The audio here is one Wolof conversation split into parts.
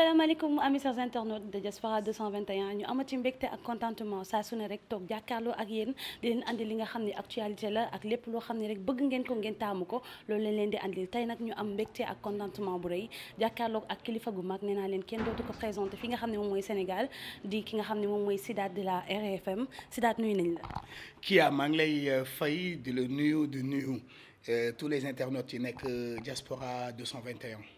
asalaamaaleykum ami sa internautes de Diaspora 221 ñu amati mbégte ak contentement saa su ne rek toog jàkkaarloo ak yéen di leen andi li nga xam ne actualité la ak lépp loo xam ne rek bëgg ngeen ko ngeen taamu ko loolu lañ leen di indi tey nag ñu am mbégte ak contentement bu rëy jàkkaarloo ak kilifa gu mag ne naa leen kenn dootu ko présenté fi nga xam ne moom mooy Sénégal di ki nga xam ne moom mooy Sidath de la RFM Sidath nuyu nañ la. Kia maa ngi lay euh, fay di la nuyu di nuyu euh, tous les internautes yi nekk euh, Diaspora 221.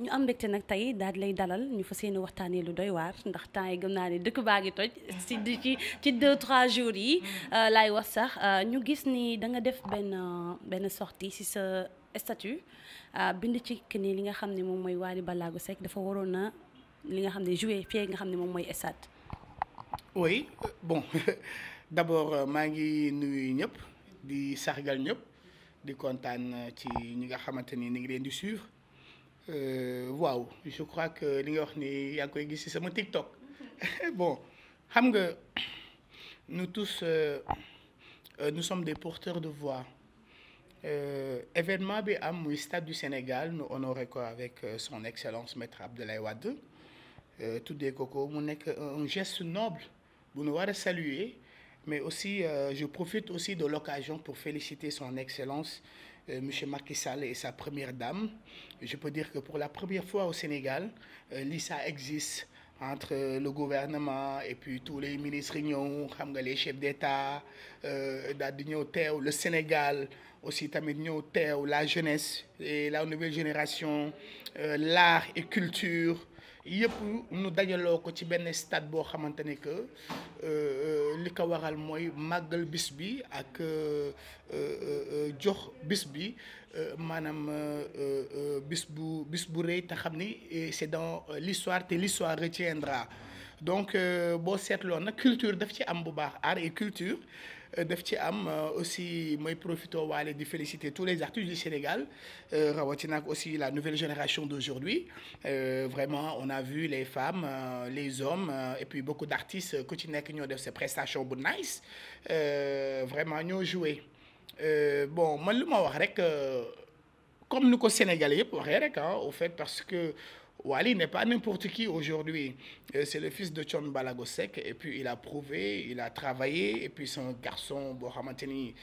ñu am mbégte nag tey daal di lay dalal ñu fas yéene waxtaanee lu doy waar ndax temps yi gëm naa ne dëkk baa ngi toj si ci ci deux trois jours yi mm. euh, laay wax sax euh, ñu gis ni da nga def benn benn sortie si sa statut euh, bind ci que ni li nga xam ne moom mooy Wally Ballago Seck dafa waroon na li nga xam ne joué fii nga xam ne moom mooy stade. oui bon d'abord maa ngi nuyu ñëpp di sargal ñëpp di kontaan ci ñi nga xamante ni ñu ngi leen di suivre. Euh, waaw je crois que li nga wax ni yaa ngi koy gis ci sama TikTok bon xam nga nous tous euh, euh, nous sommes des porteurs de voix euh, événement bi am muy stade du Sénégal nous honoré ko avec son excellence maître Abdoulaye Wade tuddee ko ko mu nekk un gest noble bu nu war a saluer mais aussi euh, je profite aussi de l'occasion pour féliciter son excellence monsieur Macky Sall et sa première dame je peux dire que pour la première fois au Sénégal euh, l'ISA existe entre le gouvernement et puis tous les ministres ñëw xam nga les chefs d'État euh, daal di ñëw teew le Sénégal aussi tamit ñëw teew la jeunesse et la nouvelle génération euh, l'art et culture yëpp nu dajaloo ko ci benn stade boo xamante ne que euh, euh, li ko waral mooy màggal bis bi ak euh, jox bis bi maanaam bis bu bis bu rëy te xam ni c'est dans l'histoire te l'histoire retiendra donc boo seetloo nag culture daf ci am bu baax art et culture Euh, daf ci am euh, aussi mooy profité waale di féliciter tous les artistes du Sénégal euh, rawatina ak aussi la nouvelle génération d'aujourd'hui vraiment on a vu les femmes les hommes et puis beaucoup d'artistes ku ci nekk ñoo def ces prestations bu nice vraiment ñoo joué bon man lu ma wax rek comme ni ko Sénégalais yëpp waxee rek au fait parce que Wally n'est pas n'importe qui aujourd'hui. Euh, c'est le fils de Thione Balago Seck et puis il a prouvé, il a travaillé et puis c'est un garçon boo xamante euh, ni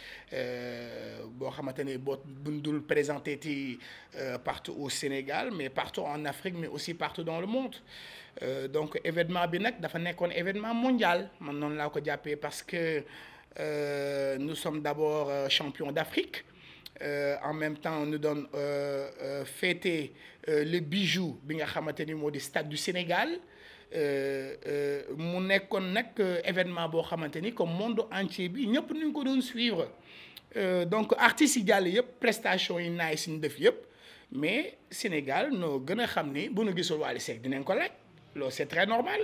boo xamante ni boo bundul présenté ti euh, partout au Sénégal mais partout en Afrique mais aussi partout dans le monde donc événement bi nag dafa nekkoon événement mondial man noonu laa ko jàppee parce que nous sommes d'abord champions d'Afrique Euh, en même temps nu doon euh, euh, fêter le bijou bi nga xamante ni moo di stade du Sénégal mu nekkoon nag événement boo xamante ni comme monde entier bi ñëpp ñu ko doon suivre donc artistes yi jàll yëpp prestation yi naay suñu def yëpp mais Sénégal noo gën a xam ni bu nu gisul Wally Seck dinañ ko laaj. loolu c'est très normal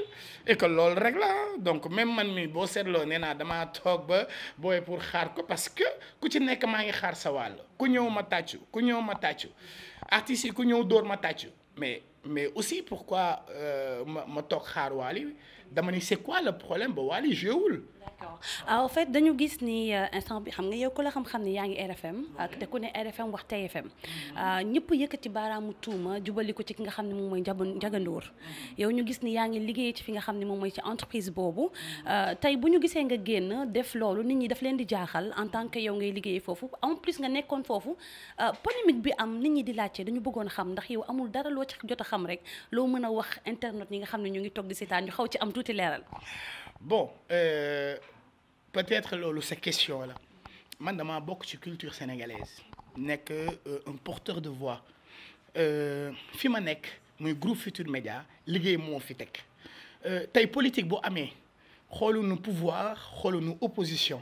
et que loolu rek la donc même man mi boo seetloo nee naa dama toog ba booy pour xaar ko parce que ku ci nekk maa ngi xaar sa wàll ku ñëw ma tàccu ku ñëw ma tàccu artistes yi ku ñëw dóor ma tàccu mais mais aussi pourquoi euh, ma ma toog xaar yi dama ni c'est quoi le problème ba Wally jéewul. d'accord ah, en fait dañu gis ni euh, instant bi xam nga yow ku la xam-xam ne yaa ngi RFM ak te ku ne RFM wax TFM ah, ñëpp yëkkati baaraamu tuuma jubali ko ci ki nga xam ne moom mooy Ndiaga Ndour yow ñu gis ni yaa ngi liggéey ci fi nga xam ne moom mooy ci entreprise boobu ah, tey bu ñu gisee nga génn def loolu nit ñi daf leen di jaaxal en tant que yow ngay liggéey foofu en plus nga nekkoon foofu polémique bi am nit ñi di laajte dañu bëggoon xam ndax yow amul dara loo ci jot a xam rek loo mën a wax internet ñi nga xam ne ñu ngi toog di seetaan ñu xaw am tuuti leeral. bon euh, peut-être loolu sa question la man dama bokk ci culture sénégalaise nekk euh, un porteur de voix euh, fi ma nekk muy groupe Futur Média liggéey moo fi teg euh, tey politique bu amee xooluñu pouvoir xooluñu opposition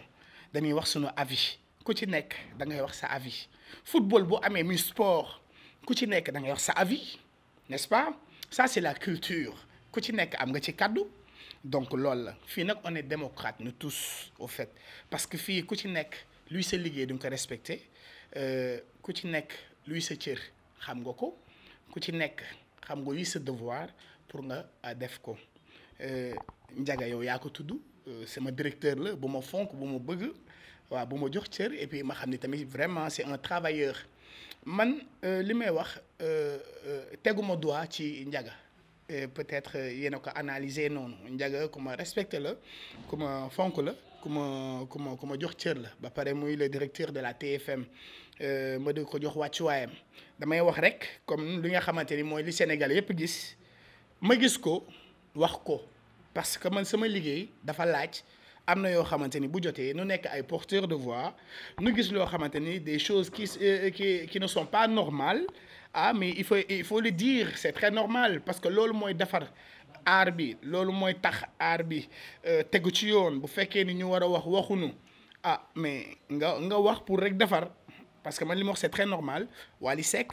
dañuy wax sunu avis ku ci nekk da ngay wax sa avis football bu amee muy sport ku ci nekk da ngay wax sa avis n'est-ce pas ça c'est la culture ku ci nekk am nga ci kàddu. donc loolu la fii nag on est démocrate nous tous au fait parce que fii ku ci nekk luy sa liggéey duñ ko respecté euh, ku ci nekk luy sa cër xam nga ko ku ci nekk xam nga luy sa devoir pour nga euh, def ko euh, Ndiaga yow yaa ko tudd sama directeur la bu ma fonk bu ma bëgg waaw bu ma jox cër et puis ma xam ni tamit vraiment c'est un travailleur man li may wax teguma doit ci Ndiaga Euh, peut-être euh, yéen a ko analyser noonu Ndiaga ku ma la ku fonk la ku ma ku ma ku ma jox cër la ba pare muy le directeur de la TFM euh, ma di ko jox wàccuwaayam damay wax rek comme li nga xamante ni mooy li Sénégal yépp gis ma gis ko wax ko parce que man sama liggéey dafa laaj am na yoo xamante ni bu jotee nu nekk ay porteurs de voix nu gis loo xamante ni des choses qui euh, qui qui ne sont pas normales ah mais il faut il faut le dire c'est très normal parce que loolu mooy defar aar bi loolu mooy tax aar bi euh, tegu ci yoon bu fekkee ni ñu war a wax waxuñu ah mais nga nga wax pour rek defar parce que man li wax c'est très normal sek Seck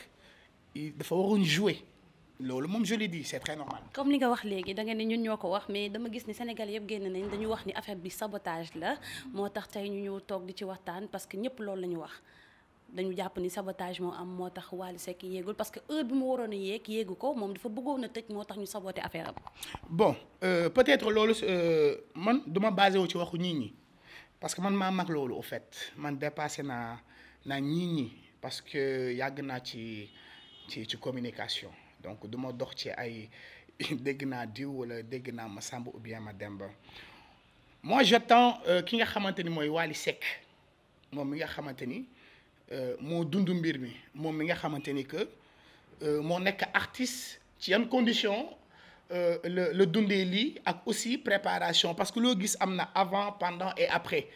dafa waroon jouer loolu moom je l'ai dit c'est très normal. comme li nga wax léegi da ne ñun ñoo ko wax mais dama gis ni Sénégal yëpp génn nañ dañu wax ni affaire bi sabotage la moo tax tey ñu ñëw toog di ci waxtaan parce que ñëpp loolu la ñu wax dañu jàpp ni sabotage moo am moo tax Wally Seck yéegul parce que heure bi mu waroon yéeg yéegu ko moom dafa bëggoon a tëj moo tax ñu saboté affaire am. bon euh, peut-être loolu euh, man duma basé wu ci waxu nit ñi parce que man maa mag loolu au fait man dépassé naa naa nit ñi parce que yàgg naa ci ci ci communication. donc du ma dox ci ay dégg naa diw wala dégg naa ma Massamba ou bien ma Mademba moi j'attends euh, ki nga xamante ni mooy Wally sec moom mi nga xamante ni euh, moo dund mbir mi moom mi nga xamante ni que euh, moo nekk artiste ci yan condition la la dundee lii ak aussi préparation parce que loo gis am na avant pendant et après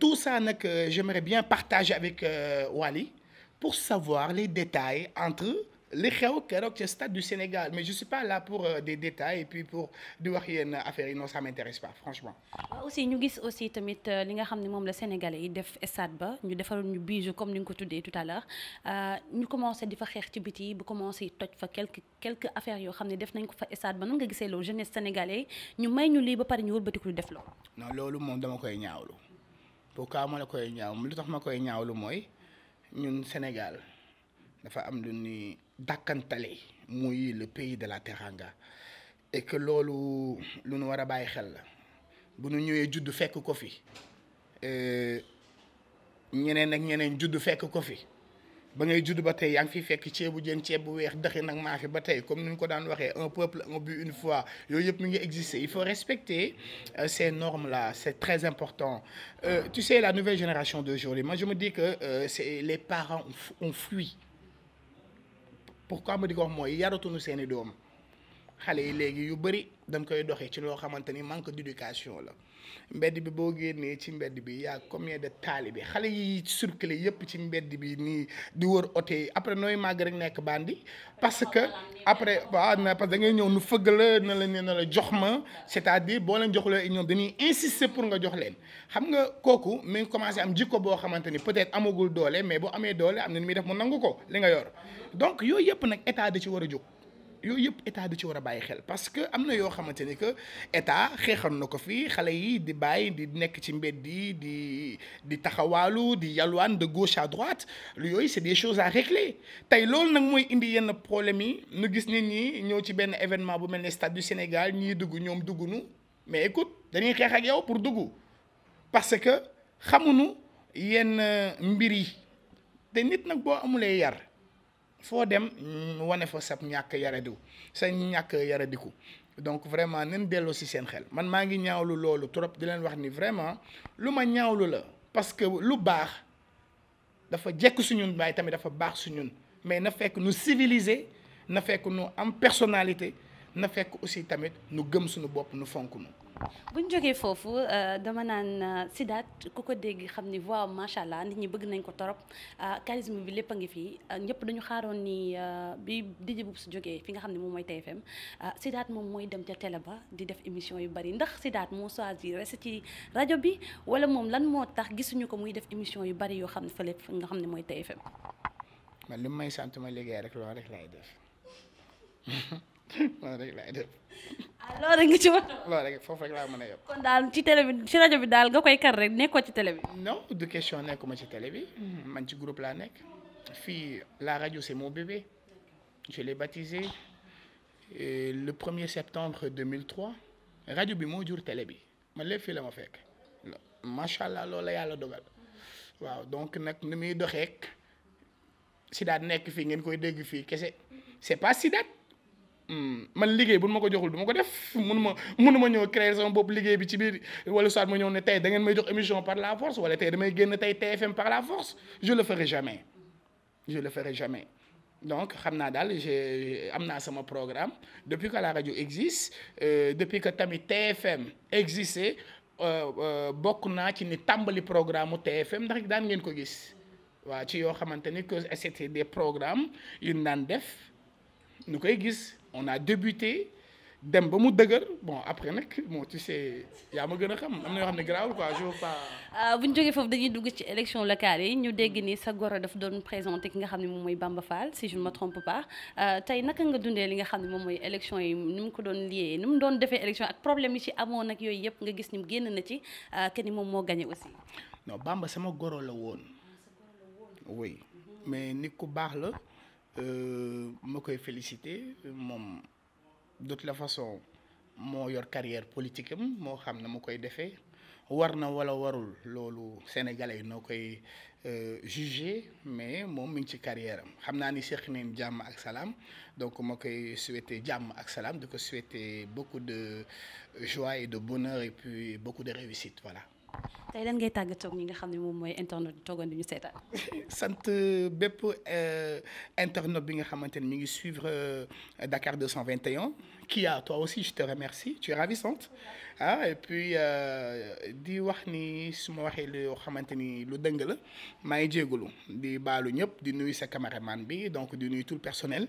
tout ça nag j'aimerais bien partager avec wali pour savoir les détails entre li xew keroog ca stade du Sénégal mais je suis pas là pour euh, des détails et puis pour di wax yenn affaires yi non ça m'intéresse pas franchement. Ah, aussi ñu gis aussi tamit euh, li nga xam ne moom la Sénégalais yi def stade ba ñu defaroon ñu bijou comme ni nga ko tuddee tout à l'heure euh, ñu commencé di fa xeex ci biti bu commencé toj fa quelques quelques affaires yoo xam ne def nañ ko fa stade ba nan nga gisee loolu jeunesse sénégalais ñu may ñu lii ba pare ñu wëlbatiku def loolu. non loolu moom dama koy ñaawlu pourquoi ma la koy ñaaw lu tax ma koy ñaawlu mooy ñun Sénégal am lu ñuy dàkkantale muy le pays de la teranga et que loolu lu nu war a bàyyi xel la bu nu ñëwee juddu fekk ko fi eh, ñeneen ak ñeneen juddu fekk ko fi ba ngay judd ba tey yaa ngi fi fekk ceebu jën ceeb bu weex dëxi nag maa fi ba tey comme ni ñu ko daan waxee un peuple un but une foi yooyu yëpp mi ngi exister il faut respecter euh, ces normes la c'est très important euh, tu sais la nouvelle génération d'aujourd'hui moi je me dis que euh, c'est les parents ont fui pourquoi ma di ko wax mooy yaratuñu seen i doom xale yi léegi yu bëri dañ koy doxee ci loo xamante ni manque d'éducation la mbedd bi boo génnee ci mbedd bi yaa combien de taalibe xale yi circulé yëpp ci mbedd bi nii di wër oto yi après nooy màgg rek nekk bandi parce que après waaw na parce que da ñëw nu fëgg la na la ne na la jox ma c'est-à-dire boo leen joxulee ñoom dañuy insister pour nga jox leen xam nga kooku mi ngi am jikko boo xamante ni peut amagul doole mais boo amee doole am na ni muy def mu nangu ko li nga yor donc yooyu yëpp nag état da ci war a jóg yooyu yëpp état du ci war a bàyyi xel parce que am na yoo xamante ni que état xeexoon na ko fii xale yi di bàyyi di nekk ci mbedd yi di di taxawaalu di yalwaan de gauche à droite yooyu c'est des choses à régler tey loolu nag mooy indi yenn problème yi nu gis nit ñi ñoo ci benn événement bu mel ne stade du Sénégal ñii dugg ñoom dugg nu mais écoute dañuy xeex ak yow pour dugg parce que xamuñu yenn mbir yi te nit nag boo amulee yar. foo dem mm, wane fa sab ñàkk yaradiw sa ñàkk yaradiku donc vraiment nañ delloo si seen xel man maa ngi ñaawlu loolu trop di leen wax ni vraiment lu ma ñaawlu la parce que lu baax dafa jekk suñu baay tamit dafa baax suñun mais na fekk nu civilisé na fekk nu am personnalité na fekk aussi tamit nu gëm suñu bopp nu fonk nu bu ñu jógee foofu euh, dama naan euh, siddaat ku ko dégg xam ni voix macha allah nit ñi bëgg nañ ko torop euh, charisme bi lépp a ngi fii ñëpp dañu xaaroon ni bi di DJ Boubs jógee fi nga xam ne moom mooy TFM Sidath moom mooy dem ca télé ba di def émission yu bari ndax siddaat moo choisir reste ci rajo bi wala moom lan moo tax gisuñu ko muy def émission yu bari yoo xam ne fële nga xam ne mooy TFM. man li may sant ma liggéey rek loolu rek lay def loolu rek laay def. loolu rek nga ci wax. loolu foofu rek laa mën a yóbbu. daal ci télé rajo bi daal nga koy kar rek nekkoo ci télé bi. non du question nekkuma ci télé bi. man ci groupe laa nekk. fii la radio si moo bébé. je l'ai baptisé euh, le 1er septembre 2003 rajo bi moo jur télé bi man lépp fii la ma fekk. macha allah loolu la yàlla dogal. waaw donc nag ni muy doxeek Sidath nekk fii ngeen koy dégg fii kese c'est si Sidath. Hmm. man liggéey bu ma ko joxul du ma ko def munu ma munu ma ñëw créer sama boobu liggéey bi ci biir wala soit ma ñëw ne tey da may jox émission par la force wala tey damay génn tey TFM par la force je le ferai jamais je le ferai jamais donc xam naa daal am naa sama programme depuis que la radio existe euh, depuis que tamit TFM existait euh, euh, bokk naa ci ni tàmbali programme mu TFM ndax daan ngeen ko gis waaw ci yoo xamante ni que c'était des programmes yu ñu daan def ñu koy gis. on a débuté dem ba mu dëgër bon après nag bon tu sais yaa ma gën a xam am na yoo ne garaawul quoi je veux pas. Ah, bu ñu jógee foofu dañuy dugg ci élection locale yi ñu dégg ni sa goro daf doon présenté ki nga xam ne moom mooy Bamba faal si je ne me trompe pas ah, tey naka nga dundee li nga xam ne moom mooy élection yi ni mu ko doon lié ni mu doon defee élection ak problème yi ci amoon nag yooyu yëpp nga gis ni génn na ci ah, que ni moom moo gagné aussi. non Bamba sama goro la woon. oui ku baax la. Euh, ma koy félicité moom de la façon moo yor carrière politique moo xam ne moo koy defee war na wala warul loolu sénégalais yi noo koy euh, jugé mais moom mi ci carrière xam naa ni seq nañ jàmm ak salaam donc ma koy souhaité jàmm ak salaam di ko souhaité beaucoup de joie et de bonheur et puis beaucoup de réussite voilà. tey lan ngay tàggatoo ak ñi nga xam ne moom mooy internet toogoon di ñu seetaan. sant euh, bépp euh, internet bi nga xamante ni mi ngi suivre euh, Dakar 221. Kia toi aussi je te remercie tu es ravissante ah et puis di wax ni su ma waxee loo xamante ni lu dëng la maa ngi jégalu di baalu ñëpp di nuyu sa caméraman bi donc di nuyu tout le personnel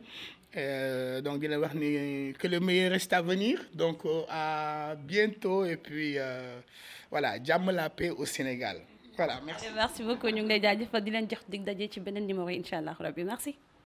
donc di wax ni que le meilleur reste à venir donc à bientôt et puis. voilà jàmm la paix au Sénégal voilà merci. merci beaucoup ñu ngi lay jaajëfal di leen jox dig daje ci beneen numéro incha allah rabbi merci.